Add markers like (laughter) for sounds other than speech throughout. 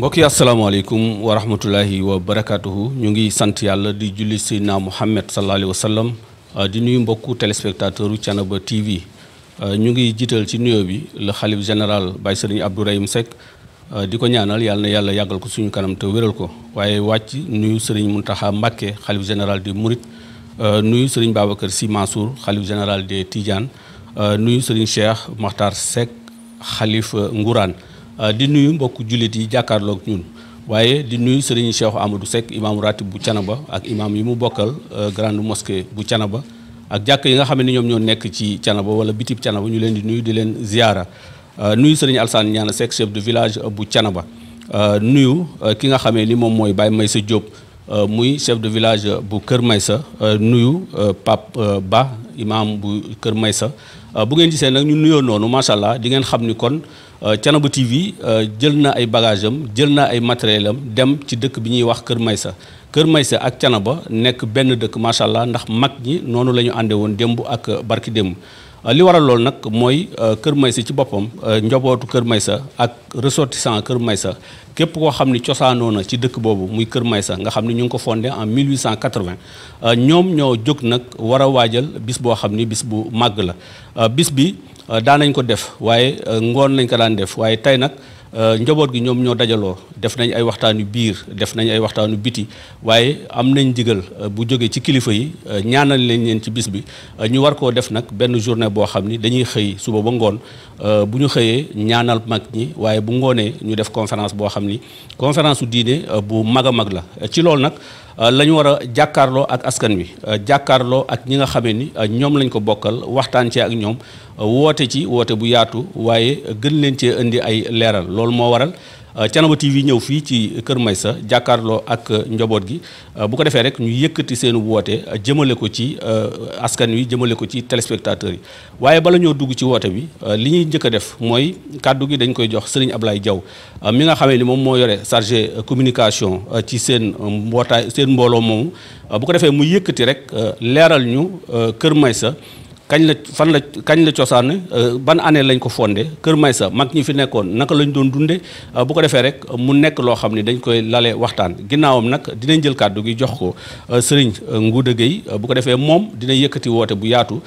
mbokk yi asalaamaaleykum wa rahmatullahi wa barakaatuhu ñu ngi sant yàlla di julli seydina Muhammad sallallahu alayhi wa sallam mbokk ah, nuyu mbokku téléspectateur ba Thiénaba TV ah, ñu ngi jiital ci nuyoo bi le xalif général Baye Serigne Abdourahim Seck ah, di ko ñaanal yàlla na yàlla yàggal ko suñu kanam te wéral ko waaye wàcc nuyu Serigne Mountakha Mbacké xalif général des Mourides nuyu Serigne Babacar Sy Mansour xalif général di Tidianes nuyu Serigne Cheikh Makhtar Seck xalifa Ngourane Euh, di nuyu mbokk jullit yi jàkkaarlook ñun waaye di nuyu sëriñ Cheikh Amadou Seck imaamu ratib bu Canaba ak imaam yi mu bokkal euh, grande mosquée bu Canaba ak jàkk yi nga xam ne ñoom ñoo nekk ci Canaba wala bitib Canaba ñu leen di nuyu di leen ziyaara euh, nuyu sëriñ Alsaan Ñaana Seck chef de village bu Canaba nuyu ki nga xamee ni moom mooy may sa Diop muy chef de village bu Kër Maysa nuyu Pape Ba imaam bu Kër Maysa bu ngeen gisee nag ñu nuyoo noonu macha di ngeen xam ni kon. Euh, Thiénaba TV euh, jël na ay bagage am jël na ay matériel am dem ci dëkk bi ñuy wax Kër Maysa Kër Maysa ak Thiénaba nekk benn dëkk macha allah ndax mag ñi noonu la ñu àndee woon démb ak euh, barki démb. li waral loolu nag mooy Kër Maysa ci boppam njobootu Kër Maysa ak ressortissant Kër Maysa képp koo xam ni cosaanoo na ci dëkk boobu muy Kër Maysa nga xam ni ñu ngi ko fondé en 1880 ñoom ñoo jóg nag war waajal bis boo xam ni bis bu màgg la bis bi. Euh, daan nañ ko def waaye euh, ngoon nañ ko daan def waaye tey nag euh, njaboot gi ñoom ñoo dajaloo def nañ ay waxtaanu biir def nañ ay waxtaanu biti waaye am nañ digal bu jógee ci kilifa yi ñaanal leen leen ci bis bi ñu war koo def nag benn journée boo xam ni dañuy xëy suba ba ngoon bu ñu xëyee ñaanal mag ñi waaye bu ngoonee ñu def conference boo xam ni conférence su diine bu mag a mag la ci loolu nag. Euh, la ñu war a jàkkaarloo ak askan wi euh, jàkkaarloo ak ñi nga xamee ni euh, ñoom lañ ko bokkal waxtaan ci ak ñoom woote ci woote bu yaatu waaye gën leen cee indi ay leeral loolu moo waral Euh, Thiénaba TV ñëw fii ci Kër Maysa jàkkaarloo ak euh, njaboot gi euh, bu ko defee rek ñu yëkkati seen woote jëmale ko ci askan wi jëmale ko ci téléspectateurs yi waaye bala ñoo dugg ci woote bi li ñuy njëkk a def mooy kàddu gi dañ koy jox Serigne Ablaye Diaw mi nga xamee ni moom moo yore chargé communication ci seen mbootaay seen mbooloo moomu bu ko defee mu yëkkati rek leeral ñu Kër Maysa kañ la fan la kañ la cosaane euh, ban année lañ ko fondé Kër Maysa mag ñi fi nekkoon naka lañ doon dunde euh, bu ko defee rek mu nekk loo xam ni dañ koy lale waxtaan ginnaawam nag dinañ jël kàddu gi jox ko euh, sëriñ Ngouda Gueye bu ko defee moom dina yëkkati woote bu yaatu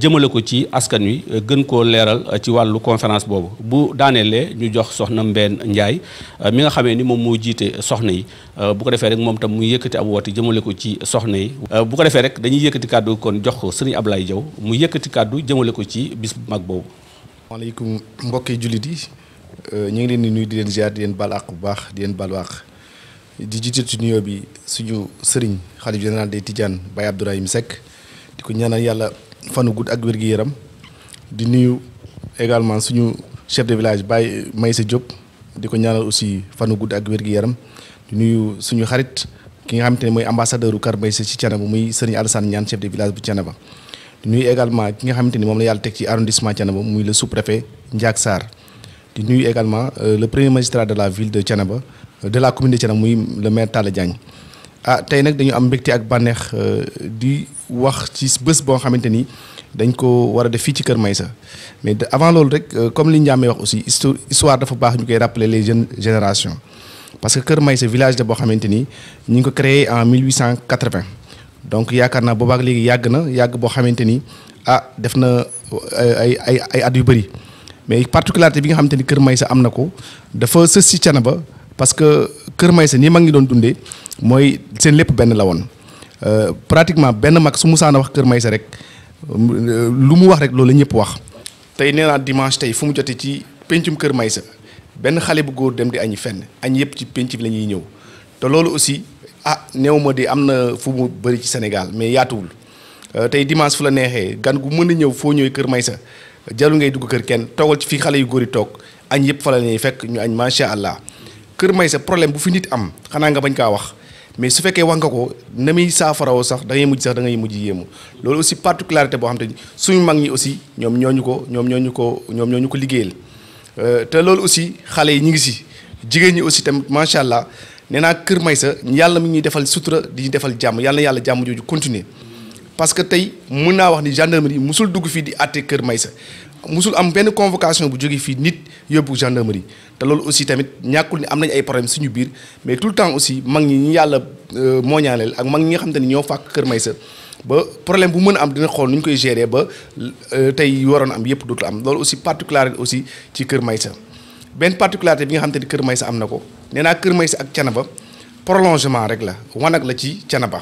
jëmale ko ci askan wi gën koo leeral ci wàllu conférence boobu bu daaneelee ñu jox soxna Mbène Ndiaye mi nga xamee ni moom moo jiite soxna yi bu ko defee rek moom tam mu yëkkati ab woote jëmale ko ci soxna yi bu ko defee rek dañuy yëkkati kàddu kon jox ko sëriñ Ablaye Diaw mu yëkkati kàddu jëmale ko ci bis bu mag boobu. maaleykum mbokki jullit yi euh, ñu ngi leen di nuyu di leen ziar di leen balaax bu baax di leen baal di jiite ci nuyoo bi suñu sëriñ xalif général de Tidiane Baye Abdourahim Seck di ko ñaanal yàlla fanu gudd ak wér gi yaram di nuyu également suñu chef de village may Maysa jóg di ko ñaanal aussi fanu gudd ak wér gi yaram di nuyu suñu xarit ki nga xamante ne mooy ambassadeur u Kër Maysa ci Thiénaba muy sëriñ Alassane Niane chef de village bu Thiénaba di nuyu également ki nga xamante ni moom la yàlla teg ci arrondissement Thiénaba muy le sous-préfet Ndiak Sarr di nuyu également euh, le premier magistrat de la ville de Thiénaba euh, de la commune de Thiénaba muy le maire Talla Diagne ah tey nag dañu am mbégte ak bànneex euh, di wax ci bës boo xamante ni dañ ko war a def fii ci Kër Maysa mais avant loolu rek comme li Ndiame wax aussi histoire dafa baax ñu koy rappeler les jeunes générations parce que Kër Maysa village la boo xamante ni ñu ngi ko créé en 1880. donc yaakaar naa boobaak léegi yàgg na yàgg boo xamante ni ah def na ay ay ay at yu bëri mais particularité bi nga xamante ni Kër Maysa am na ko dafa sës ci Thiénaba parce que Kër Maysa nii mag ngi doon dundee mooy seen lépp benn la woon euh, pratiquement benn mag su musaana wax Kër Maysa rek lu mu wax rek loolu la ñëpp wax tey nee naa dimanche tey fu mu jotee ci pencum Kër Maysa benn xale bu góor dem di añi fenn añ yëpp ci penc bi la ñuy ñëw te loolu aussi ah néew ma di am na fu mu bëri ci Sénégal mais yaatuwul euh, tey dimanche fu la neexee gan gu mën a ñëw foo ñëwee kër Maysa jarul ngay dugg kër kenn toogal ci fii xale yu góor yi toog añ yëpp fa la ñuy fekk ñu añ macha allah kër Maysa problème bu fi nit am xanaa nga bañ kaa wax mais su fekkee wax nga ko na muy saafarawoo sax da mujj sax da ngay mujj yéemu loolu aussi particularité boo xam te ni suñu mag ñi aussi ñoom ñooñu ko ñoom ñooñu ko ñoom ñooñu ko liggéeyal euh, te loolu aussi xale yi ñu ngi si jigéen ñi aussi tamit macha allah. nee naa Kër Maysa yàlla mi ñuy defal sutura di ñu defal jàmm yàlla yàlla jàmm jooju continuer parce que tey mun naa wax ni gendarmerie musul dugg fii di àtte Kër Maysa musul am benn convocation bu jógee fii nit yóbbu gendarmerie te loolu aussi tamit ñàkkul ni am nañ ay problème suñu biir mais tout le temps aussi mag ñi ñu yàlla euh, mooñaaleel ak mag ñi nga xam te ni ñoo fàkk Kër Maysa ba problème bu mën a am dina xool nu ñu koy gérer ba euh, tey waroon am yëpp dootul am loolu aussi particulier aussi ci Kër Maysa benn particularité bi nga xam te ni Kër Maysa am na ko nee naa Kër Maysa ak Canaba prolongement rek la wanag la ci Canaba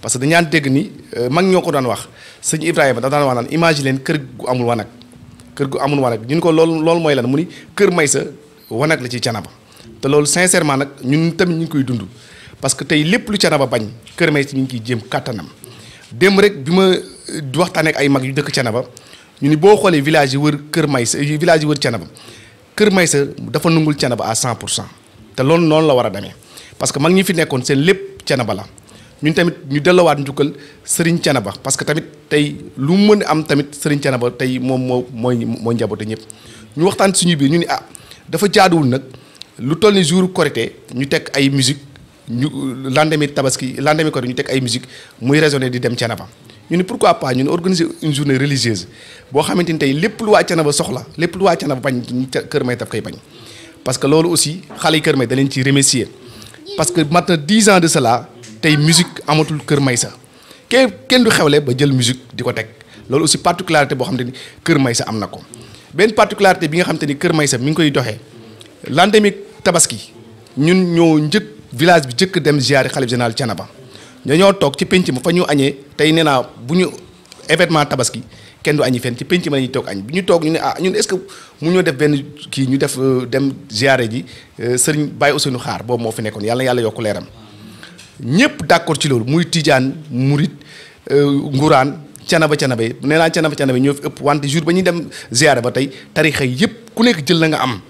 parce que dañaan dégg ni euh, mag ñoo ko daan wax sëñ Ibrahima dafa daan wax naan imagine leen kër gu amul wanag kër gu amul wanag ñu ne ko loolu loolu mooy lan mu ni Kër Maysa wanag la ci Canaba te loolu sincèrement nag ñun tamit ñu ngi koy dund parce que tey lépp lu Canaba bañ Kër Maysa ñu ngi ciy jéem kàttanam démb rek bi ma euh, du waxtaan ak ay mag yu dëkk Canaba ñu ni boo xoolee village wër Kër Maysa village yi wër Canaba Kër Maysa dafa nungul Thiénaba à cent pour cent te loolu noonu la war a demee parce que mag ñi fi nekkoon seen lépp Thiénaba la ñu tamit ñu dellowaat njukkal Serigne Thiénaba parce que tamit tey lu mu mën am tamit Serigne Thiénaba tey moom moo mooy mooy njaboote ñëpp ñu waxtaan suñu biir ñu ni ah dafa jaaduwul nag lu toll ni jour Korité ñu teg ay musique ñu lendemain tabaski lendemain Korité ñu teg ay musique muy raisonné di dem Thiénaba ñu ne pourquoi pas ñu ne organiser une journée religieuse boo xamante ni tey lépp lu waa Thiénaba soxla lépp lu waa Thiénaba bañ Kër May daf koy bañ parce que loolu aussi xale yi Kër May da leen ciy parce que maintenant dix ans de cela tey musique amatul Kër May sa kenn kenn du xewle ba jël musique di ko teg loolu aussi particularité boo xamante ni Kër May sa am na ko benn particularité bi nga xamante ni Kër May sa mi ngi koy doxee lendemain tabaski ñun ñoo njëkk village bi njëkk dem ziyaari xalif général Thiénaba dañoo toog ci pénc ma fa ñu añee tey nee naa bu ñu événement tabaski kenn du añi fenn ci pénc ma la toog añ bu ñu toog ñu ne ah ñun est-ce que mu ñoo def benn kii ñu def euh, dem ziare ji euh, sëriñ Baye Ousseynou Xaar boobu moo fi nekkoon yàlla yàlla yokk leeram ñëpp d'accord ci loolu muy tijaan murit euh, nguraan canaba canaba yi nee naa canaba canaba yi ñoo fi ëpp wante jour ba ñuy dem ziare ba tey tarixa yëpp ku nekk jël na nga am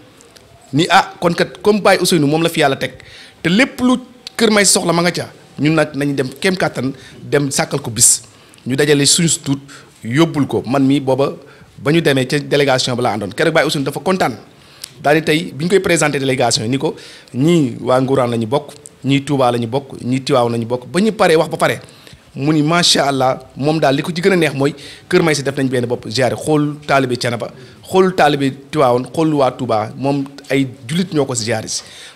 ni ah kon kat comme Baye Ousseynou moom la fi yàlla teg te lépp lu kër may soxla ma nga ca ñun nag nañu dem kem kàttan dem sàkkal ko bis ñu dajale suñu tuut yóbbul ko man mii booba ba ñu demee ca délégation ba laa àndoon keroog Baye Ousseynou dafa kontaan daal tey bi ñu koy présenté délégation yi ni ko ñii waa Ngourane la ñu bokk ñii Touba la ñu bokk ñii Tiwaawan la ñu bokk ba ñu paree wax ba pare mu ni macha allah moom daal li ko ci gën a neex mooy Kër si def nañ benn bopp ziare xool taalibe Thiénaba xool taalibe Tiwaawan xool waa Touba moom ay jullit ñoo ko si ziare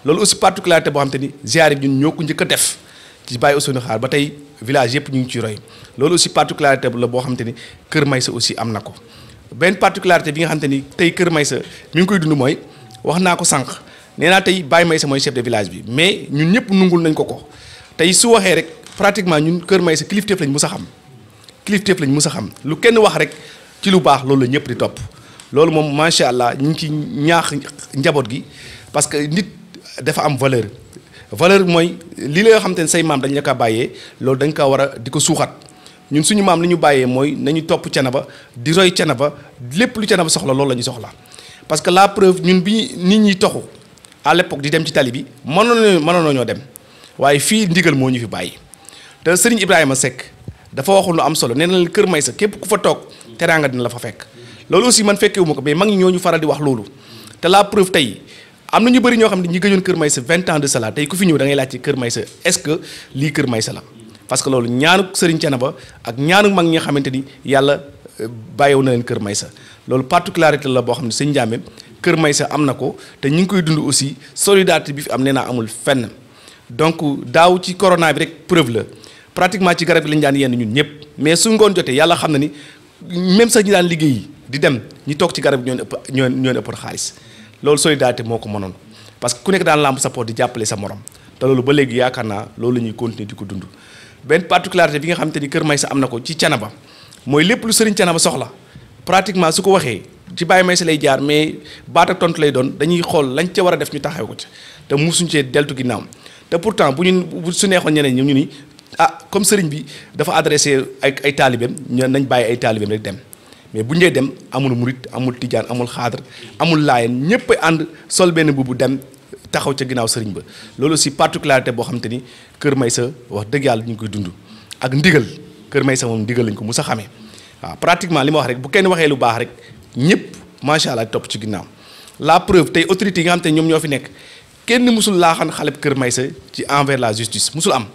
loolu aussi particularité boo xam ni ziare bi ñun ñoo ko def. ci bàyyi Ousseynou Xaar ba tey village yëpp ñu ngi ciy roy loolu aussi particularité bu la boo xamante ni Kër Maysa aussi am na ko benn particularité bi nga xamante ni tey Kër may sa mi ngi koy dund mooy wax naa ko sànq nee naa tey Baye Maysa mooy chef de village bi mais ñun ñëpp nungul nañ ko ko tey su waxee rek pratiquement ñun Kër may Maysa kilifteef lañ mus sa xam kilifteef lañ mus a xam lu kenn wax rek ci lu baax loolu la ñëpp di topp loolu moom macha allah ñu ngi ci ñaax njaboot gi parce que nit dafa am valeur. valeur mooy li la nga ne say maam dañ ko bàyyee loolu dañ ko war a di ko suuxat ñun suñu maam li ñu bàyyee mooy nañu topp Thiénaba di roy Thiénaba lépp lu Thiénaba soxla loolu la ñu soxla parce que la preuve ñun bi nit ñi toxu à l'époque di dem ci tali bi mënoon mënoon ñoo dem waaye fii ndigal moo ñu fi bàyyi te Serigne Ibrahima sekk dafa waxu lu am solo nee na leen Kër Maysa képp ku fa toog teraanga dina la fa fekk loolu aussi man fekkewuma ko mais mag ñi ñoo ñu faral di wax loolu te la preuve tey. am na ñu bëri ñoo xam ne ñi gëjoon Kër Maysa vingt ans de cela tey ku fi ñëw da ngay laajte Kër may sa ce que lii Kër Maysa la parce que loolu ñaanu Serigne Thiénaba ak ñaanu mag ñi xamante ni yàlla euh, bàyyiwu na leen Kër may sa loolu particularité la boo xam ne sëñ Ndiamé Kër may sa am na ko te ñu ngi koy dund aussi solidarité bi fi am nee naa amul fenn donc daaw ci corona bi rek preuve la pratiquement ci garab yi lañu daan yenn ñun ñëpp mais su ngoon jotee yàlla xam na ni même sax ñi liggéey di dem ñi toog ci garab ñoo ëpp ñoo ñoo ëpp xaalis. loolu solidarité moo ko mënoon parce que ku nekk daan làmb sa poot di jàppale sa morom te loolu ba léegi yaakaar naa loolu lañuy ñuy continuer di ko dund benn particularité bi nga xamante ni Kër Maysa am na ko ci Canaba mooy lépp lu Serigne Canaba soxla pratiquement su ko waxee ci may sa lay jaar mais baata ak tontu lay doon dañuy xool lañ ca war a def ñu taxaw ko ci te musuñ cee deltu ginnaaw te pourtant bu ñu bu su neexoon ñeneen ñu ni ah comme Serigne bi dafa adressé ay ay taalibeem ñu nañ bàyyi ay taalibeem rek dem. mais bu ñëwee dem amul murit amul tijaan amul xaadar amul laayen ñëpp ànd sol benn bubu dem taxaw ca ginnaaw sëriñ ba loolu aussi particularité boo xam ni Kër may sa wax dëgg yàlla ñu ngi koy dund ak ndigal Kër Maysa moom ndigal lañ ko mu sa xamee waa pratiquement li ma wax rek bu kenn waxee lu baax rek ñëpp macha allah topp ci ginnaaw la preuve tey autorités yi nga xam te ñoom ñoo fi nekk kenn musul laaxan xaleb Kër may sa ci envers la justice musul am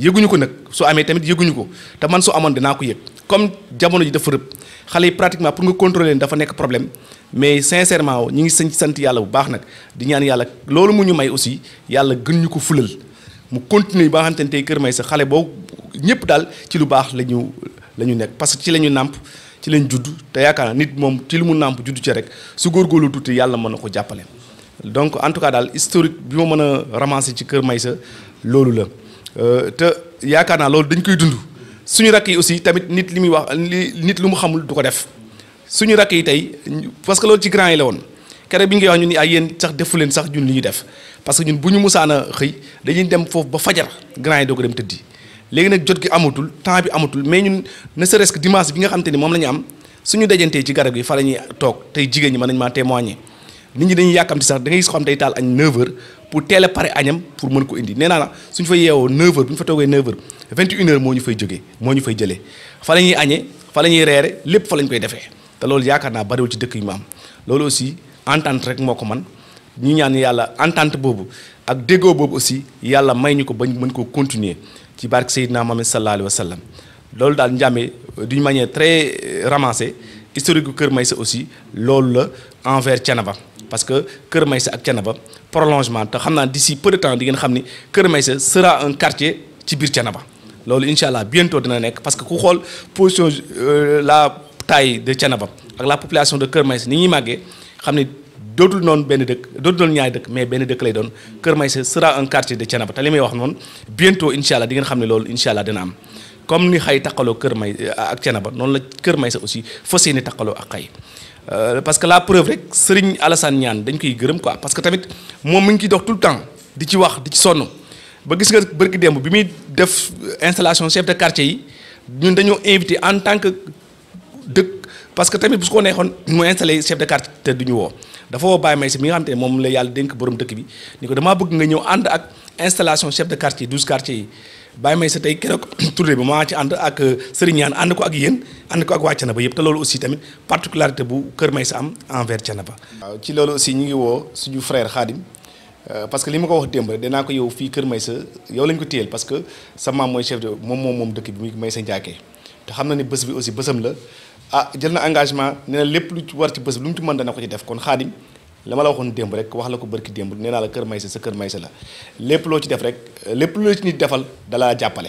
yëguñu ko nag soo amee tamit yëguñu ko te man su amoon dinaa ko yëg. comme jamono ji dafa rëb xale yi pratiquement pour nga contrôler leen dafa nekk problème mais sincèrement ñu ngi sañ sant yàlla bu baax nag di ñaan yàlla loolu mu ñu may aussi yàlla gën ñu ko fulal mu continuer ba xam te ne tey Kër Maysa xale boobu ñëpp daal ci lu baax la ñu la ñu nekk parce que ci la ñu nàmp ci lañ juddu te yaakaar naa nit moom ci lu mu nàmp judd ci rek su góorgóorlu tuuti yàlla mën na ko jàppale. donc en tout cas daal historique bi ma mën a ramasser ci Kër Maysa loolu la euh, te yaakaar naa loolu dañ koy dund. suñu rakk yi aussi tamit nit li muy wax li nit lu mu xamul du ko def suñu rakk yi tey parce que loolu ci grand yi la woon keroog bi ñu wax ñu ni ay yéen sax defu leen sax ñun li ñu def parce que ñun bu ñu musaan a xëy dañuy dem foofu ba fajar grand yi doo ko dem tëddi léegi nag jot gi amatul temps bi amatul mais ñun ne serait-ce que dimanche bi nga xam te ni moom lañu ñu am suñu dajantee ci garab gi fa la ñuy toog tey jigéen ñi mën nañ maa témoigner nit ñi dañuy yàkkamti sax da ngay gis ko xam day taal añ 9h pour teel a pare añam pour mën ko indi nee naa la suñ fa yeewoo 9h bu ñu fa toogee 9h 21h moo ñu fay jógee moo ñu fay jëlee fa la ñuy añee fa la ñuy reere lépp fa la koy defee te loolu yaakaar naa bariwul ci dëkk yu mu loolu aussi entente rek moo ko man ñu ñaan yàlla entente boobu ak déggoo boobu aussi yàlla may ñu ko bañ mën koo continuer ci barke Seydina Mohamed sallallahu alayhi wa sallam loolu daal njàmmee euh, d'une manière très euh, ramassée historique Kër Maysa aussi loolu la envers Thiénaba parce que Kër Maïssa ak Thiénaba prolongement te xam naa d'ici peu de temps di ngeen xam ni Kër Maïssa sera un quartier ci biir Thiénaba loolu incha allah bientôt dina nekk parce que ku xool position euh, la taille de Thiénaba ak la population de Kër Maïssa ni ñuy màggee xam ni dootul noonu benn dëkk dootul noonu ñaari dëkk mais benn dëkk lay doon Kër Maïssa sera un quartier de Thiénaba te li may wax noonu bientôt incha allah di ngeen xam ne loolu incha allah dina am comme ni xay taqaloo Kër May euh, ak Thiénaba noonu la Kër Maïssa aussi fas yéene taqaloo ak xay Euh, parce que la preuve rek Serigne Alassane Niane dañ koy gërëm quoi parce que tamit moom mi ngi ciy dox tout le temps di ci wax di ci sonn ba gis nga bërki démb bi muy def euh, installation chef de quartier yi ñun dañoo invité en tant que dëkk parce que tamit bu su ko neexoon mu installé chef de quartier te du ñu woo dafa woo Baye Maïssa mi nga xam te moom la yàlla dénk borom dëkk bi ni ko damaa bëgg nga ñëw ànd ak installation chef de quartier douze quartiers yi bàyyi may sa tey keroog (clears throat) tournée bi maa ci ànd ak euh, sëriñ ñaan ànd ko ak yéen ànd ko ak waa Thiénaba yëpp te loolu aussi tamit particularité bu Kër Maysa am envers Thiénaba. waaw ci loolu aussi ñu ngi woo suñu frère Khadim euh, parce que li ma ko wax démb danaa ko yow fii Kër may Maysa yow lañ ko téyeel parce que sa maam mooy chef de moom moom moom dëkk bi muy Maysa Ndiaké te xam na ne bés bi aussi bésam la ah jël na engagement nee na lépp lu ci war ci bés bi lu mu ci mën dana ko ci def kon Khadim. li ma la waxoon démb rek wax la ko barki démb nee naa la kër Maysa sa kër Maysa la lépp loo ci def rek lépp loo ci nit defal dalaa jàppale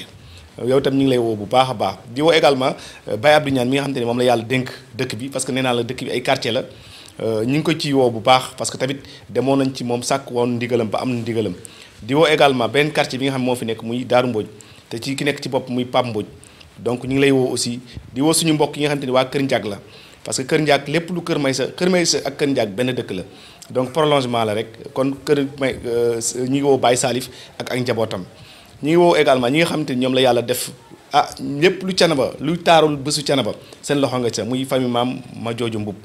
yow itam ñu ngi lay woo bu baax a baax di woo également euh, Baye Abdou Niane mi nga xam te ne moom la yàlla dénk dëkk bi parce que nee naa la dëkk bi ay quartier la euh, ñu ko ci woo bu baax parce que tamit demoon nañ ci moom sàkk woon ndigalam ba am na ndigalam di woo également benn quartier bi nga xam moo fi nekk muy Daaru Mbodj te ci ki nekk ci bopp muy Pape Mbodj donc ñu ngi lay woo aussi di woo suñu mbokk yi nga xam te ne waa Kër Ndiag la parce que Kër Ndiak lépp lu Kër may sa Kër Maysa ak Kër Ndiak benn dëkk la donc prolongement la rek kon Kër May euh, ñu ngi woo bàyyi saalif ak ak njabootam ñu ngi woo également ñi nga xam te ñoom la yàlla def ah lépp lu canaba lu taarul bésu canaba seen loxo nga ca muy famille maam ma jooju mbub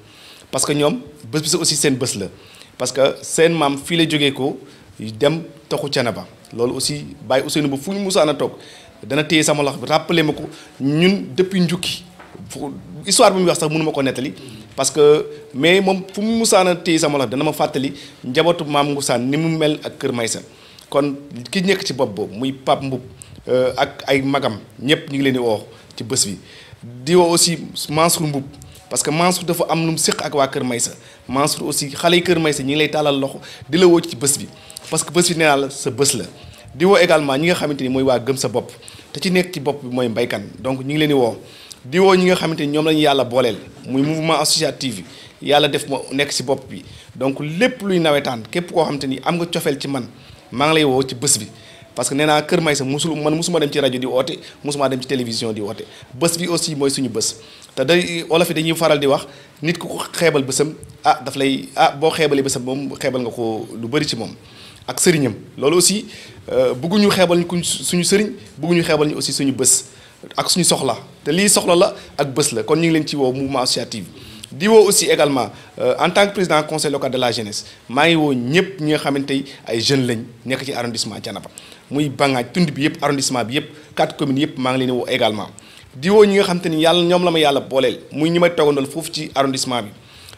parce que ñoom bës bi aussi seen bës la parce que seen maam fii la jógee ko dem taxu canaba loolu aussi Baye Ousseynou bu fu ñu musaan a toog dana téye sama loxo bi rappelé ma ko ñun depuis njukki histoire bi muy wax sax mënu ma ko nettali parce que mais moom fu mu musaan a téye sama loxo dana ma fàttali njabootu maam Ngusaan ni mu mel ak Kër Maysa kon ki nekk ci bopp boobu muy Pape Mboup euh, ak ay magam ñëpp ñu ngi leen di woo ci bés bi di woo aussi Mansour Mboup parce que Mansour dafa am lu mu séq ak waa Kër Maysa Mansour aussi xale yi Kër Maysa ñu ngi lay tàllal loxo di la woo ci bés bi parce que bés bi nee sa bës la di woo également ñi nga xamante ni mooy waa gëm sa bopp te ci nekk ci bopp bi mooy mbaykan donc ñu ngi leen di woo diwoo ñi nga xamante ni ñoom lañu yàlla booleel muy mouvement associatif yàlla def moo nekk si bopp bi donc lépp luy nawetaan képp koo xamante ni am nga cofeel ci man maa ngi lay woo ci bés bi parce que nee naa Kër Maysa musul man musuma dem ci rajo di woote musuma dem ci télévision di woote bés bi aussi mooy suñu bés te day olof yi dañuy faral di wax nit ku ko xeebal bésam ah daf lay ah boo xeebalee bésam moom xeebal nga ko lu bëri ci moom ak sëriñam loolu aussi euh, bëgguñu xeebal ñu suñu sëriñ bëgguñu xeebal ñu aussi suñu bés ak suñu soxla te lii soxla la ak bés la kon ñu ngi leen ci woo mouvement associatif di woo aussi également euh, en tant que président conseil local de la jeunesse maa ngi woo ñëpp ñi nga xamante ni ay jeunes lañ nekk ci arrondissement Thiénaba muy Bangaaj tund bi yëpp arrondissement bi yëpp quatre communes yëpp maa ngi leen woo également di woo nga xamante ni yàlla ñoom la ma yàlla booleel muy ñi may toogandool foofu ci arrondissement bi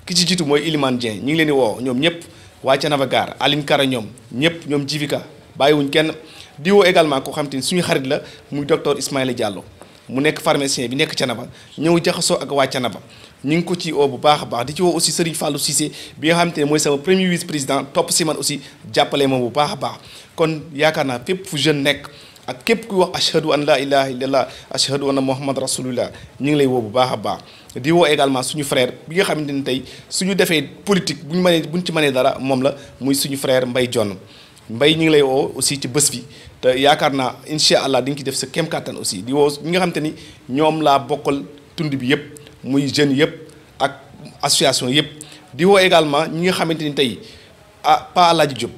ki ci jiitu mooy Ilimane Dieng ngi leen di woo ñoom ñëpp waa Thiénaba Gare Aline Kara ñoom ñëpp ñoom Jivika bàyyiwuñ kenn di woo également koo xamante ni suñu xarit la muy docteur Ismaïla Diallo mu nekk pharmacien bi nekk ca na ba ñëw jaxasoo ak wàcc na ba ñu ngi ko ci oo bu baax a baax di ci woo aussi Serigne Fallou Cissé bi nga xamante ne mooy sama premier vice président topp si man aussi jàppale moom bu baax a baax kon yaakaar naa fépp fu jeune nekk ak képp kuy wax ashhadu an la ilaha illallah ashhadu anna muhammad rasulullah ñu ngi lay woo bu baax a baax di woo également suñu frère bi nga xamante ne tey suñu defee politique bu ñu mënee bu ci mënee dara moom la muy suñu frère mbay Dione mbay ñu ngi lay woo aussi ci bës bi te yaakaar naa incha allah di nga ci def sa kem kàttan aussi di woo ñi nga xam te ni ñoom laa bokkal tund bi yëpp muy jeunes yëpp ak association yëpp di woo également ñi nga xamante ni tey ah Pa Alaaji Diop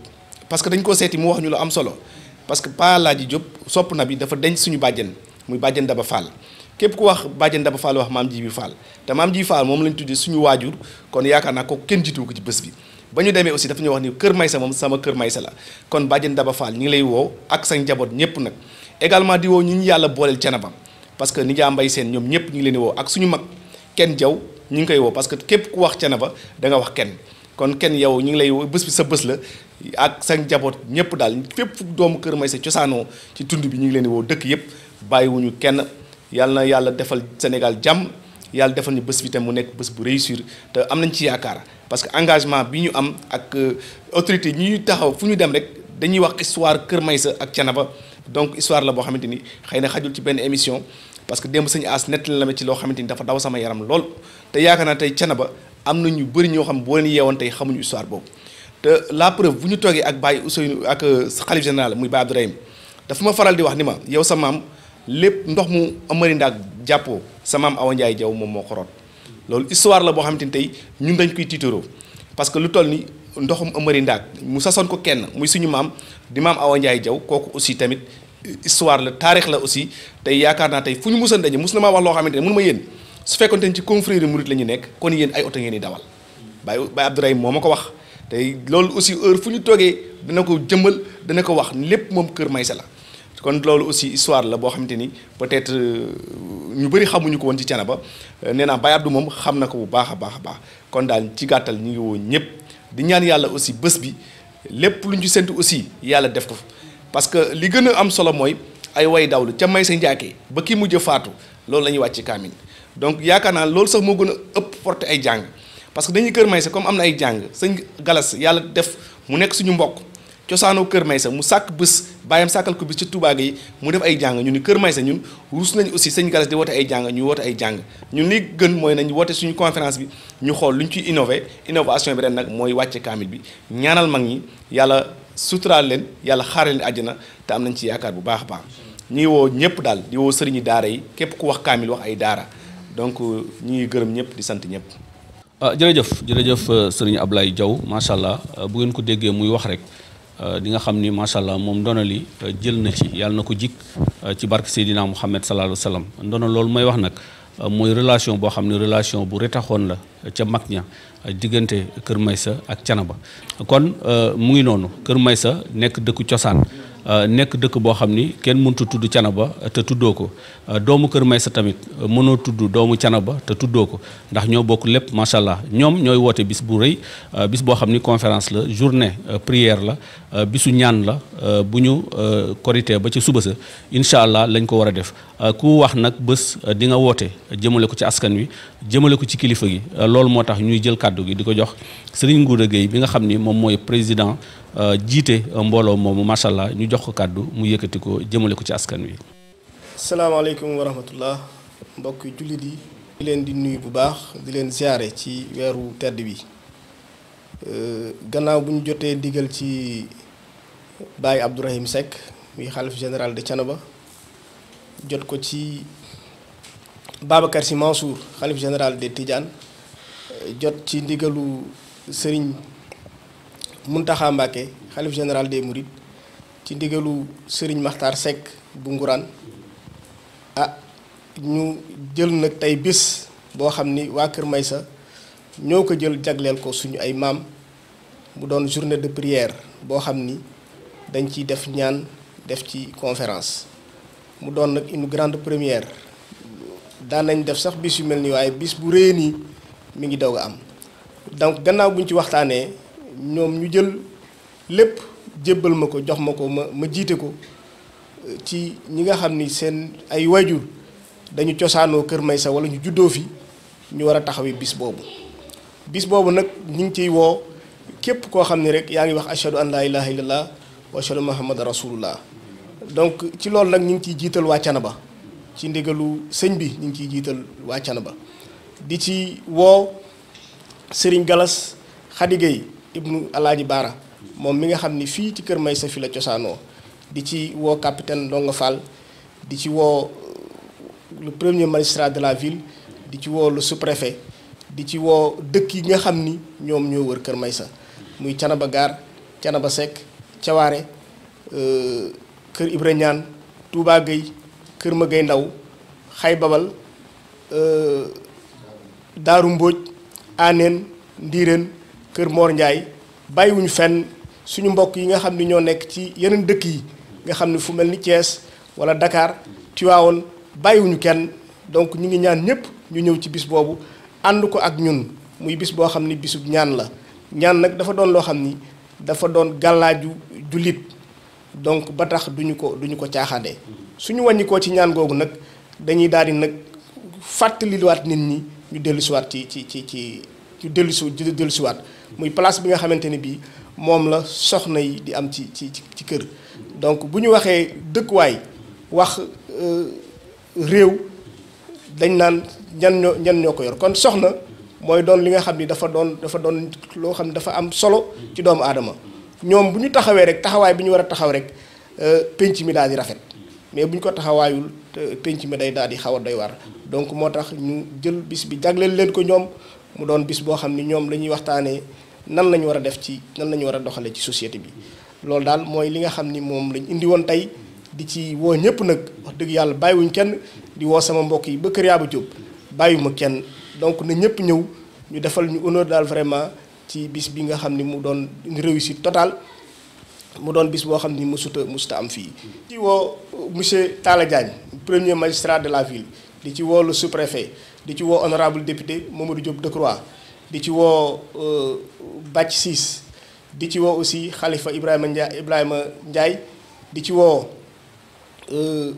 parce que dañ ko seeti mu wax ñu lu am solo parce que Pa Alaaji Diop sopp na bi dafa denc suñu bàjjen muy bàjjen Daba Fall képp ku wax bàjjen Daba Fall wax maam Jibi Fall te maam jii Fall moom lañ tuddee suñu waajur kon yaakaar naa ko kenn jiitu ko ci bés bi ba ñu demee aussi dafa ñu wax ni kër Maysa moom sama kër Maysa la kon bàjjen Daba Fall ñu ngi lay woo ak sa njaboot ñëpp nag également di woo ñu ñu yàlla booleel Thiénaba parce que Nija seen ñoom ñëpp ñu ngi leen ak suñu mag kenn jaw ñu ngi koy wow parce que képp ku wax Thiénaba ba danga wax kenn kon kenn yow ñu ngi lay woo bés bi sa bës la ak sañ njaboot ñëpp daal fépp doomu kër Maysa cosaanoo ci tund bi ñu ngi leen di woo dëkk yëpp bàyyiwuñu kenn yàlla yàlla defal Sénégal jàmm yàlla defal ñu bés bi tam mu nekk bés bu réussir te am nañ ci yaakaar parce que engagement bi ñu am ak euh, autorité ñuy taxaw fu ñu dem rek dañuy wax histoire Kër may sa ak canaba donc histoire la boo xamante ni xëy na xajul ci benn émission parce que démb sañu aas nett la ma ci loo xamante ni dafa daw sama yaram lool te yaakaar naa tey Thiénaba am na ñu bëri ñoo xam boo leen yeewoon tey xamuñu histoire boobu te la preuve bu ñu toogee ak Baye Ousseynou ak euh, xalif général muy Baye Abdourahim dafa ma faral di wax ni ma yow sa lépp ndox mu amari jàppoo sa maam Awa Ndiaye moom moo ko root loolu histoire la boo xamante ne tey ñun dañ koy tiitaroo parce que lu toll nii ndoxum ëmëri ndaag mu sasoon ko kenn muy suñu maam di maam Awa Ndiaye Diaw kooku aussi tamit histoire la taarix la aussi tey yaakaar naa tey fu ñu musan daje mus na maa wax loo xamante ne mënu ma yéen su fekkoon te ci confrérie murit la ñu nekk kon yéen ay oto ngeen di dawal Baye Baye Abdourahim moo ma ko wax tey loolu aussi heure fu ñu toogee dana ko jëmmal dana ko wax lépp moom kër Maysa la kon loolu aussi histoire la boo xamante ni peut-être euh, ñu bëri xamuñu ko woon ci Thiénaba euh, nee naa Baye moom xam na ko bu baax a baax a baax kon daal ci gàttal ñu ngi woo ñëpp di ñaan yàlla aussi bés bi lépp luñ ñu séntu aussi yàlla def ko parce que li gën a am solo mooy ay way dawlu ca may sa njaakee ba ki mujj faatu loolu la ñuy wàcc kaamin donc yaakaar naa loolu sax moo gën a ëpp porte ay jàng parce que dañuy kër may sa comme am na ay jàng sëñ galas yàlla def mu nekk suñu mbokk cosaanoo Kër Maysa mu sàkk bés bàyyam sàkkal ko bés ci Touba yi mu def ay jàng ñu ni Kër Maysa ñun ruus nañ aussi sëñ Galas di woote ay jàng ñu woote ay jàng ñun li gën mooy nañ woote suñu conférence bi ñu xool lu ñu ciy innové innovation bi ren nag mooy wàcce kaamil bi ñaanal mag ñi yàlla suturaal leen yàlla xaaral leen na te am nañ ci yaakaar bu baax a baax ñu woo ñëpp daal di woo sëriñi daara yi képp ku wax kaamil wax ay daara donc ñu gërëm ñëpp di sant ñëpp. Ah, jërëjëf jërëjëf euh, sëriñ Ablaye Diaw macha allah euh, bu ngeen ko déggee muy wax rek Euh, di nga xam ni macha allah moom ndono li euh, jël na ci yàlla na ko jik euh, ci barke Seydina Muhammad sallallahu alayhi wa ndono loolu may wax nag mooy relation boo xam ne relation bu retaxoon la ca mag ña diggante Kër Maysa ak Canaba kon mu ngi noonu Kër Maysa nekk dëkku cosaan. Euh, nekk dëkk boo xam ni kenn mënut tudd cana ba te tuddoo ko euh, doomu Kër may Maysa tamit mënoo tudd doomu cana ba te tuddoo ko ndax ñoo bokk lépp macha allah ñoom ñooy woote bis bu rëy euh, bis boo xam ni conférence la journée prière la bisu ñaan la bu ñu korité ba ci suba sa incha allah lañ ko war a def ku wax nag bës di nga woote jëmale ko ci askan wi jëmale ko ci kilifa gi loolu moo tax ñuy jël kàddu gi di ko jox Serigne Ngouda Gueye bi nga xam ni moom mooy président. Euh, jiite euh, mbooloo moomu macha allah ñu jox ko kàddu mu yëkkati ko jëmale ko ci askan wi. salaamaaleykum wa rahmatullah mbokki jullit yi. leen di nuyu bu baax di leen ziare ci weeru tedd bi euh, gannaaw bu ñu jotee digal ci Baye Abdourahim Seck muy xalif général de Thiénaba jot ko ci Babacar Sy Mansour xalif général de Tidiane jot ci ndigalu sëriñ Muntaxa Mbàkke xalif général des Mourides ci ndigalu Serigne Maxtaar Seck bu Nguraan ah ñu jël nag tey bis boo xam ni waa Kër Maysa ñoo ko jël jagleel ko suñu ay maam mu doon journée de prière boo xam ni dañ ciy def ñaan def ci conférence mu doon nag une grande première daan nañ def sax bis yu mel ni waaye bis bu rëyee nii mi ngi doog a am donc gannaaw buñ ci waxtaanee. ñoom ñu jël lépp jébbal ma ko jox ma ko ma ma jiite ko ci ñi nga xam ni seen ay waajur dañu cosaanoo Kër may Maysa wala ñu juddoo fi ñu war a taxawee bis boobu bis boobu nag ñu ngi ciy woo képp koo xam ne rek yaa ngi wax ashadu an laa ilaha illallah wa ashadu muhammadan rasulullah donc ci loolu nag ñu ngi ciy jiital waa Canaba ci ndigalu sëñ bi ñu ngi ciy jiital waa Canaba di ci woo Serigne Galas Khady ibnu alaaji baara moom mi nga xam ni fii ci kër may sa fi la cosaanoo di ci woo capitaine Ndongo Fall di ci woo euh, le premier magistrat de la ville di ci woo le sous di ci woo dëkk yi nga xam ni ñoom ñoo wër kër may sa muy canaba gaar canaba sekk cawaare euh, kër ibra ñaan tuubaa géy kër ma ndaw xay babal euh, daaru mbóoj aaneen ndiireen Kër Mor Ndiaye bàyyiwuñu fenn suñu mbokk yi nga xam ni ñoo nekk ci yeneen dëkk yi nga xam ni fu mel ni Thiès wala dakaar Tivaouane bàyyiwuñu kenn donc ñu ngi ñaan ñëpp ñu ñëw ci bis boobu ànd ko ak ñun muy bis boo xam ni bisub ñaan la ñaan nag dafa doon loo xam ni dafa doon gàllaaju jullit donc ba tax duñu ko duñu ko caaxaanee suñu wàññikoo ci ñaan googu nag dañuy daal di nag fàttaliwaat nit ñi ñu dellusiwaat ci ci ci ci ñu dellusi dellusiwaat muy place bi nga xamante ni bii moom la soxna yi di am ci ci ci kër donc bu ñu waxee dëkkuwaay wax euh, réew dañ naan ñan ñoo ñan ñoo ko yor kon soxna mooy doon li nga xam ni dafa doon dafa doon loo xam ne dafa am solo ci doomu aadama ñoom bu ñu taxawee rek taxawaay bi ñu war a taxaw rek euh, penc mi daal di rafet mais bu ñu ko taxawaayul penc mi day daal di xaw a doy war donc moo tax ñu jël bis bi jagleel leen ko ñoom mu doon bis boo xam ni ñoom la ñuy waxtaanee nan lañu war a def ci nan lañu war a doxalee ci société bi loolu daal mooy li nga xam ni moom lañu indi woon tey di ci woo ñëpp nag wax dëgg yàlla bàyyiwuñ kenn di woo sama mbokk yi ba kër Yaaba Jóob ma kenn donc na ñëpp ñëw ñu defal ñu honneur daal vraiment ci bis bi nga xam ni mu doon une réussite totale mu doon bis boo xam ni musuta musuta am fii ci woo euh, monsieur Talla premier magistrat de la ville di ci woo le di ci woo honorable député Mamadou Diop Decroix di ci woo euh, Bathie Ciss di ci woo aussi Khalifa Ibrahima Ndiaye Ibrahima Ndiaye di ci woo euh,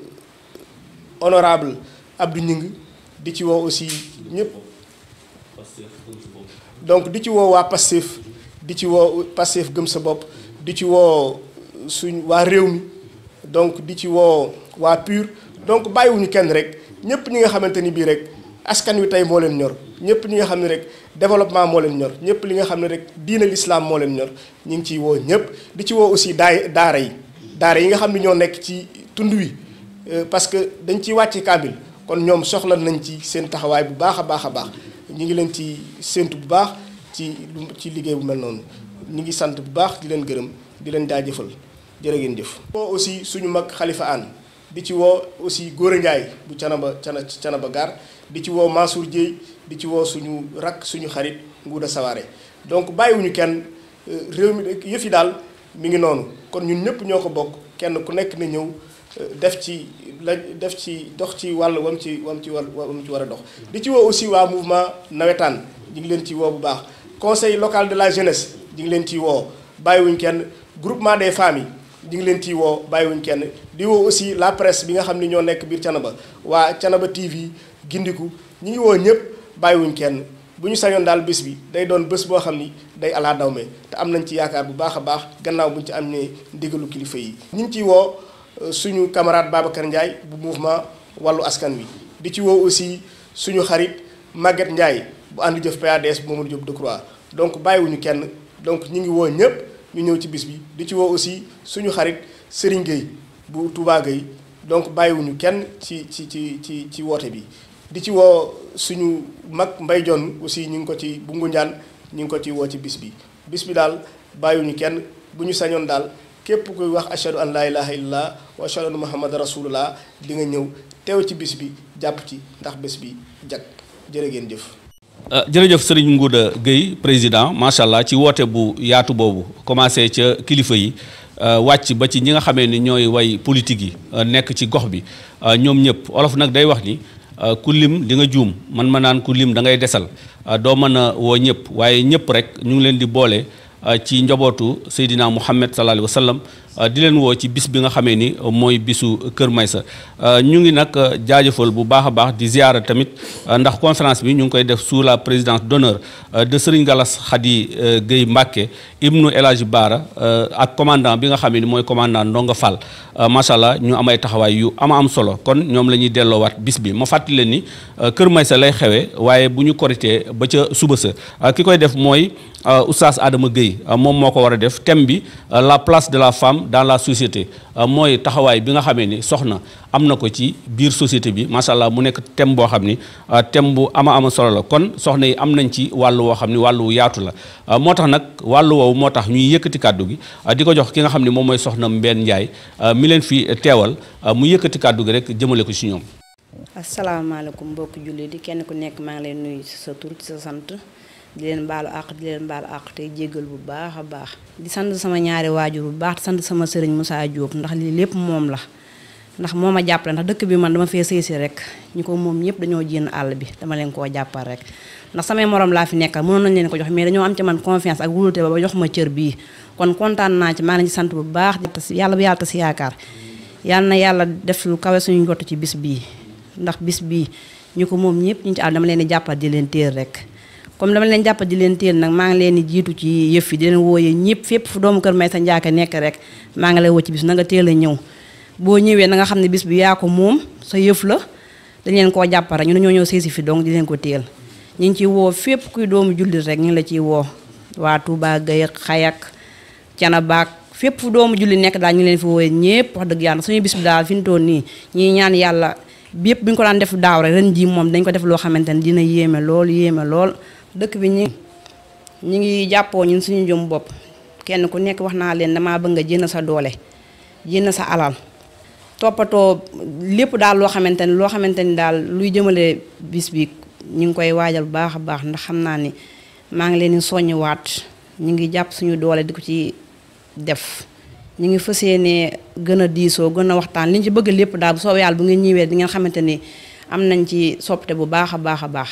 honorable Abdou Gningue di ci woo aussi ñëpp donc di ci woo waa di ci woo Pastef gëm sa bopp di ci woo suñ waa réew mi donc di ci woo waa PUR donc bàyyiwuñu kenn rek ñëpp ñi nga xamante ni bii rek askan wi tey moo leen ñor ñëpp ñi nga xam ne rek développement moo leen ñor ñëpp li nga xam ne rek diina lislaam moo leen ñor ñu ngi ciy woo ñëpp di ci woo aussi daay daara yi daara yi nga xam ne ñoo nekk ci tund wi euh, parce que dañ ciy wàcce kaamil kon ñoom soxla nañ ci seen taxawaay bu baax a baax a baax ñu ngi leen ci séentu bu baax ci ci liggéey bu mel noonu ñu ngi sant bu baax di leen gërëm di leen jaajëfal jërë ngeen jëf. woo aussi suñu mag xalifa aan di ci woo aussi Gora Ndiaye bu Canaba Cana Canaba Gare di ci woo Mansour Dieye di ci woo suñu rakk suñu xarit Ngouda Sawaré donc bàyyiwuñu kenn euh, réew mi yëf yi daal mi ngi noonu kon ñun ñëpp ñoo ko bokk kenn ku nekk na ñëw euh, def ci la def ci dox ci wàll wam ci wam ci war wam ci war a dox di ci woo aussi waa mouvement nawetaan ñu ngi leen ci woo bu baax conseil local de la jeunesse di ngi leen ci woo bàyyiwuñu kenn groupement des familles di ngi leen ciy woo bàyyiwuñ kenn di woo aussi la presse bi nga xam ni ñoo nekk biir Thiénaba waa Thiénaba TV gindiku ñu ngi woo ñëpp bàyyiwuñ kenn bu ñu sañoon daal bis bi day doon bés boo xam ni day alaa dawme te am nañ ci yaakaar bu baax a baax gannaaw bu ñu ci am ne ndigalu kilifa yi ñu ngi ciy woo euh, suñu camarade Babacar Ndiaye bu mouvement wàllu askan wi di ci woo aussi suñu xarit Maguette Ndiaye bu ànd jëf PADS bu Mamadou Diop Decroix donc bàyyiwuñu kenn donc ñu ngi woo ñëpp ñu ñëw ci bis bi di ci woo aussi suñu xarit Serigne Gueye bu Touba Gueye donc bàyyiwuñu kenn ci ci ci ci ci woote bi di ci woo suñu mag Mbay Jonn aussi ñu ngi ko ci bu Ngunjaan ñu ngi ko ci woo ci bis bi bis bi daal bàyyiwuñu kenn bu ñu sañoon daal képp kuy wax ashadu an laa ilaha illallah wa ashadu anna muhammad rasulullah di nga ñëw teew ci bis bi jàpp ci ndax bés bi jag jërë ngeen jëf Euh, jërëjëf sëriñ Ngouda Guèye président macha allah ci woote bu yaatu boobu commencé ca kilifa yi euh, wàcc ba ci ñi nga xamee ni ñooy way politique yi euh, nekk ci gox bi ñoom ñëpp olof nag day wax ni ku lim di nga juum man ma naan ku lim da ngay desal doo mën a woo ñëpp waaye ñëpp rek ñu ngi leen di boole ci njobootu seydinaa Muhammad sallallahu alayhi Euh, di leen woo ci bis bi nga xamee ni euh, mooy bisu Kër Maysa euh, ñu ngi nag jaajëfal bu baax a baax di ziara tamit ndax conférence bi ñu ngi koy def sous la présidence d'honneur de Serigne Gallas Khady Guèye Mbacké ibnu El Hadj Baara euh, ak commandant bi nga xam ne mooy commandant Ndonga Fall euh, macha allah ñu amay taxawaay yu ama am solo kon ñoom la ñuy delloowaat bis bi ma fàttali leen ni euh, Kër sa lay xewee waaye bu ñu koritee ba ca suba sa ki koy def mooy oustaz Adama Gueye moom moo ko war a def thème bi la place de la femme dans la société mooy taxawaay bi nga xamee ni soxna am na ko ci biir société bi macha allah mu nekk thème boo xam ni thème bu ama ama solo la kon soxna yi am nañ ci wàllu woo xam ni wàllu yaatu la moo tax ñuy yëkkati kàddu gi ah, di ko jox ki nga xam ne moom mooy soxna Mbène Ndiaye ah, mi leen fi teewal ah, mu yëkkati kàddu gi rek jëmale ko ci ñoom. asalaamaaleykum mbokki julli di kenn ku nekk maa ngi leen nuyu sa tur ci sa sant di leen baalu àq di leen baalu àq tey jéggal bu baax a baax di sant sama ñaari waajur bu baax di sant sama sëriñ musaa Diop ndax lii lépp moom la ndax moo ma jàppale ndax dëkk bi man dama fee sëy si rek ñu ko moom ñëpp dañoo jénn àll bi dama leen koo jàppal rek ndax samay morom laa fi nekkal mënoon nañ leen ko jox mais dañoo am ci man confiance ak wóolute ba ba jox ma cër bii kon kontaan naa ci maa ngi ci sant bu baax yàlla bu yàlla tas yaakaar yàlla na yàlla def lu kawe suñu jot ci bis bii ndax bis bii ñu ko moom ñëpp ñu ci dama leen di jàppal di leen teel rek comme dama leen jàppal di leen téer nag maa ngi leen di jiitu ci yëf yi di leen wooyee ñëpp fépp fu doomu kër Maysa Njaaka nekk rek maa ngi lay woo ci bis na nga téel a ñëw boo ñëwee na nga xam ne bis bi yaa ko moom sa yëf la dañ leen koo jàppal rek ñu ne ñoo ñëw seesi fi donc di leen ko téel ñu ngi ciy woo fépp kuy doomu jullit rek ñu ngi la ciy woo waa Touba Gueye xayak Canabaak fépp fu doomu jullit nekk daal ñu leen fi woowee wax dëgg yàlla suñu bis daal fi ñu toll nii ñuy ñaan yàlla bépp bi ko daan def daaw ren ji moom dañ ko def xamante ne dina yéeme lool yéeme lool dëkk bi ñi ñi ngi jàppoo ñun suñu jom bopp kenn ku nekk wax naa leen damaa bëgg nga jënd sa doole jënd sa alal toppatoo lépp daal loo xamante ne loo xamante ni daal luy jëmale bis bi ñu ngi koy waajal bu baax a baax ndax xam naa ni maa ngi leen di soññiwaat ñu ngi jàpp suñu doole di ko ci def ñu ngi fas ne gën a diisoo gën a waxtaan li ñu ci bëgg lépp daal bu soobee bu ngeen ñëwee di xamante ni am nañ ci soppite bu baax a baax a baax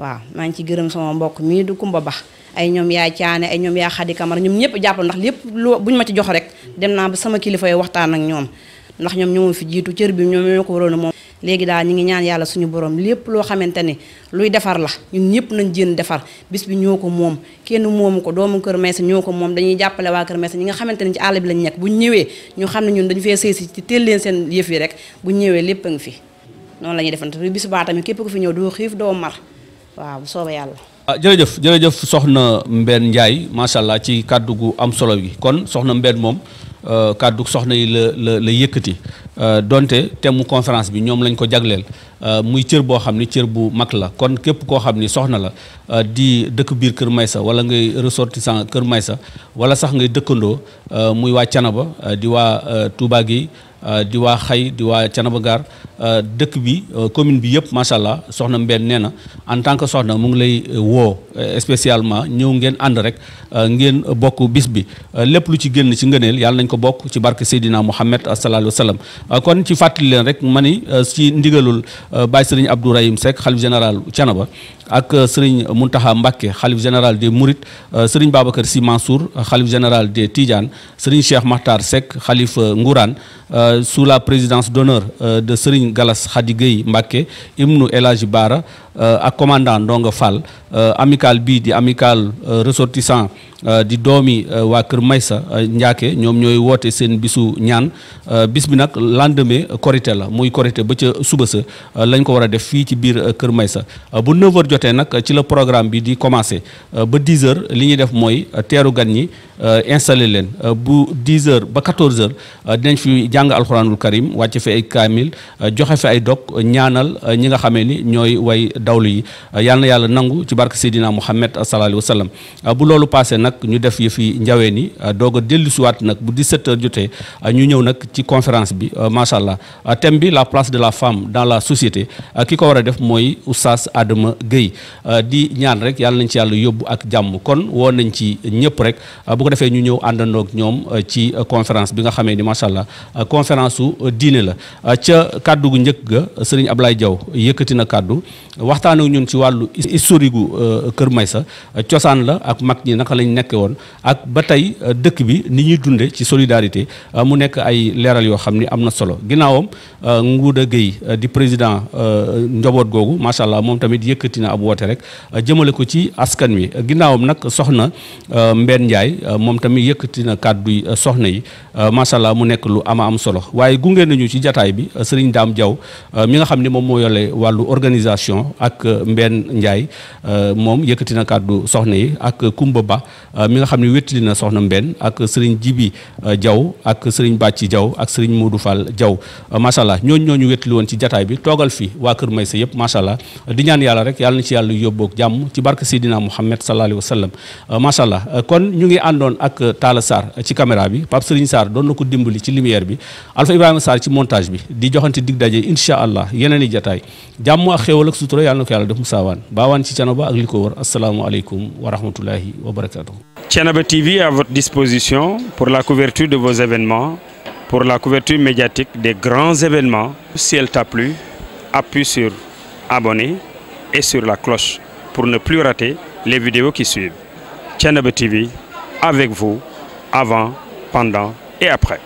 waaw maa ngi ci gërëm sama mbokk mii du Kumba Ba ay ñoom yaay caane ay ñoom yaa xadi kamara ñoom ñëpp jàppal ndax lépp lu buñ ma ci jox rek dem naa ba sama kilifa yi waxtaan ak ñoom ndax ñoom ñoo fi jiitu cër bi ñoom ñoo ko waroon moom léegi daal ñi ngi ñaan yàlla suñu borom lépp loo xamante ni luy defar la ñun ñëpp nañ jéem defar bis bi ñoo ko moom kenn moomu ko doomu Kër Maysa ñoo ko moom dañuy jàppale waa Kër Maysa ñi nga xamante ni ci àll bi lañ nekk buñ ñëwee ñu xam ne ñun dañu fee sëy si ci teel leen seen yëf yi rek bu ñëwee lépp a ngi fi noonu la ñuy defante bis baa tamit képp ku fi ñëw doo xiif doo mar waaw bu soobee yàlla ah jërëjëf jërëjëf soxna Mbène Ndiaye macha allah ci kàddu gu am solo gi kon soxna Mbène moom euh, kàddu soxna yi la la la Euh, donte thème mu conférence bi ñoom lañ ko jagleel euh, muy cër boo xam ni cër bu mag la kon képp koo xam ni soxna la euh, di dëkk biir Kër Maysa wala ngay ressortissant Kër may Maysa wala sax ngay dëkkandoo muy waa Canaba di waa Touba gi di waa Xay di waa Canaba Gaar Euh, dëkk bi euh, commune bi yëpp macha allah soxna Mbène nee na en tant que soxna mu ngi lay euh, woo spécialement ñëw ngeen ànd rek ngeen bokk bis bi lépp lu ci génn ci ngëneel yàlla nañ ko bokk ci barke Seydina Mouhamed sallallahu alayhi wa kon ci fàttali leen rek ma ni ci ndigalul Baye Serigne Abdou Rahim Seck xalif général Thiénaba ak Serigne Mountakha Mbacké xalif général des Mourides Serigne Babacar Sy Mansour xalif général de Tidiane sëriñ Cheikh Makhtar Seck xalif Ngourane sous la présidence Serigne Galas Khady Gueye Mbacke Ibnu El Bara euh, ak commandant Ndonga Fall euh, amicale bii di amicale euh, ressortissant Euh, di doomi euh, waa Kër Maysa euh, Njaake ñoom ñooy woote seen bisu ñaan bis bi nag lendemain korité la muy korité ba ca suba sa lañ ko war a def fii ci biir Kër Maysa bu 9 jotee nag ci la programme bi di commencé ba 10h li ñuy def mooy teeru gan ñi installé leen bu 10h ba 14 denc fi jàng alxuraanul karim wàcc fi ay kaamil joxe fi ay dog ñaanal ñi nga xamee ni ñooy way dawlu yi yal yàlla nangu ci barke Seydina Mouhamed sallallahu alayhi nag ñu def yëfi njaween yi euh, doog a dellusiwaat nag bu 17 heures jotee euh, ñu ñëw nag ci conférence bi euh, macha allah thème bi la place de la femme dans la société ki ko war a def mooy oustaz Adama Gueye di ñaan rek yàlla nañ ci yàlla yóbbu ak jàmm kon woo nañ ci ñëpp rek bu ko defee ñu ñëw àndandoo ñoom ci conférence bi nga xamee ni macha allah conférence su diine la ca kàddu gu njëkk ga sëriñ Ablaye Diaw yëkkati na kàddu waxtaan ak ñun ci wàllu historique Kër Maysa cosaan nekke woon ak ba tey euh, dëkk bi ni ñuy dunde ci solidarité euh, mu nekk ay leeral yoo xam ni am na solo ginnaawam euh, a géy di président njaboot googu macha allah moom tamit yëkkati na ab woote rek jëmale ko ci askan wi ginnaawam nag soxna Mbène Ndiaye moom tamit yëkkati na kàddu soxna yi Euh, macha allah mu nekk lu ama am solo waaye gunge nañu ci jataay bi euh, sëriñ Dame Diaw euh, mi nga xam ne moom moo yore wàllu organisation ak mbenn Ndiaye moom yëkkati na kàddu soxna yi ak Kumba Ba mi nga xam ne wéttali na soxna mbenn ak sëriñ Jibi Diaw ak sëriñ Bàcci Diaw ak sëriñ Modou Fall Diaw macha allah ñooñu ñoo ñu wéttali woon ci jataay bi toogal fi waa Kër Maysa yëpp macha allah di ñaan yàlla rek yàlla na ci yàlla yóbbook jàmm ci barke Seydina Mouhamed sallallahu alayhi wa sallam macha allah kon ñu ngi àndoon ak Talla Sarr Sarr doon na ko dimbali ci lumière bi Alpha Ibrahima Sarr ci montage bi di joxante dig daje incha allah yeneen i jataay jàmm ak xéewal ak sutura yàlla na ko yàlla def mu saawaan baawaan ci canaba ak li ko wër asalaamualeykum wa rahmatullahi wa barakatuh Thiénaba TV à votre disposition pour la couverture de vos événements pour la couverture médiatique de grands événements si elle t'a plu sur abonner et sur la cloche pour ne plus rater les vidéos qui suivent pendant et après.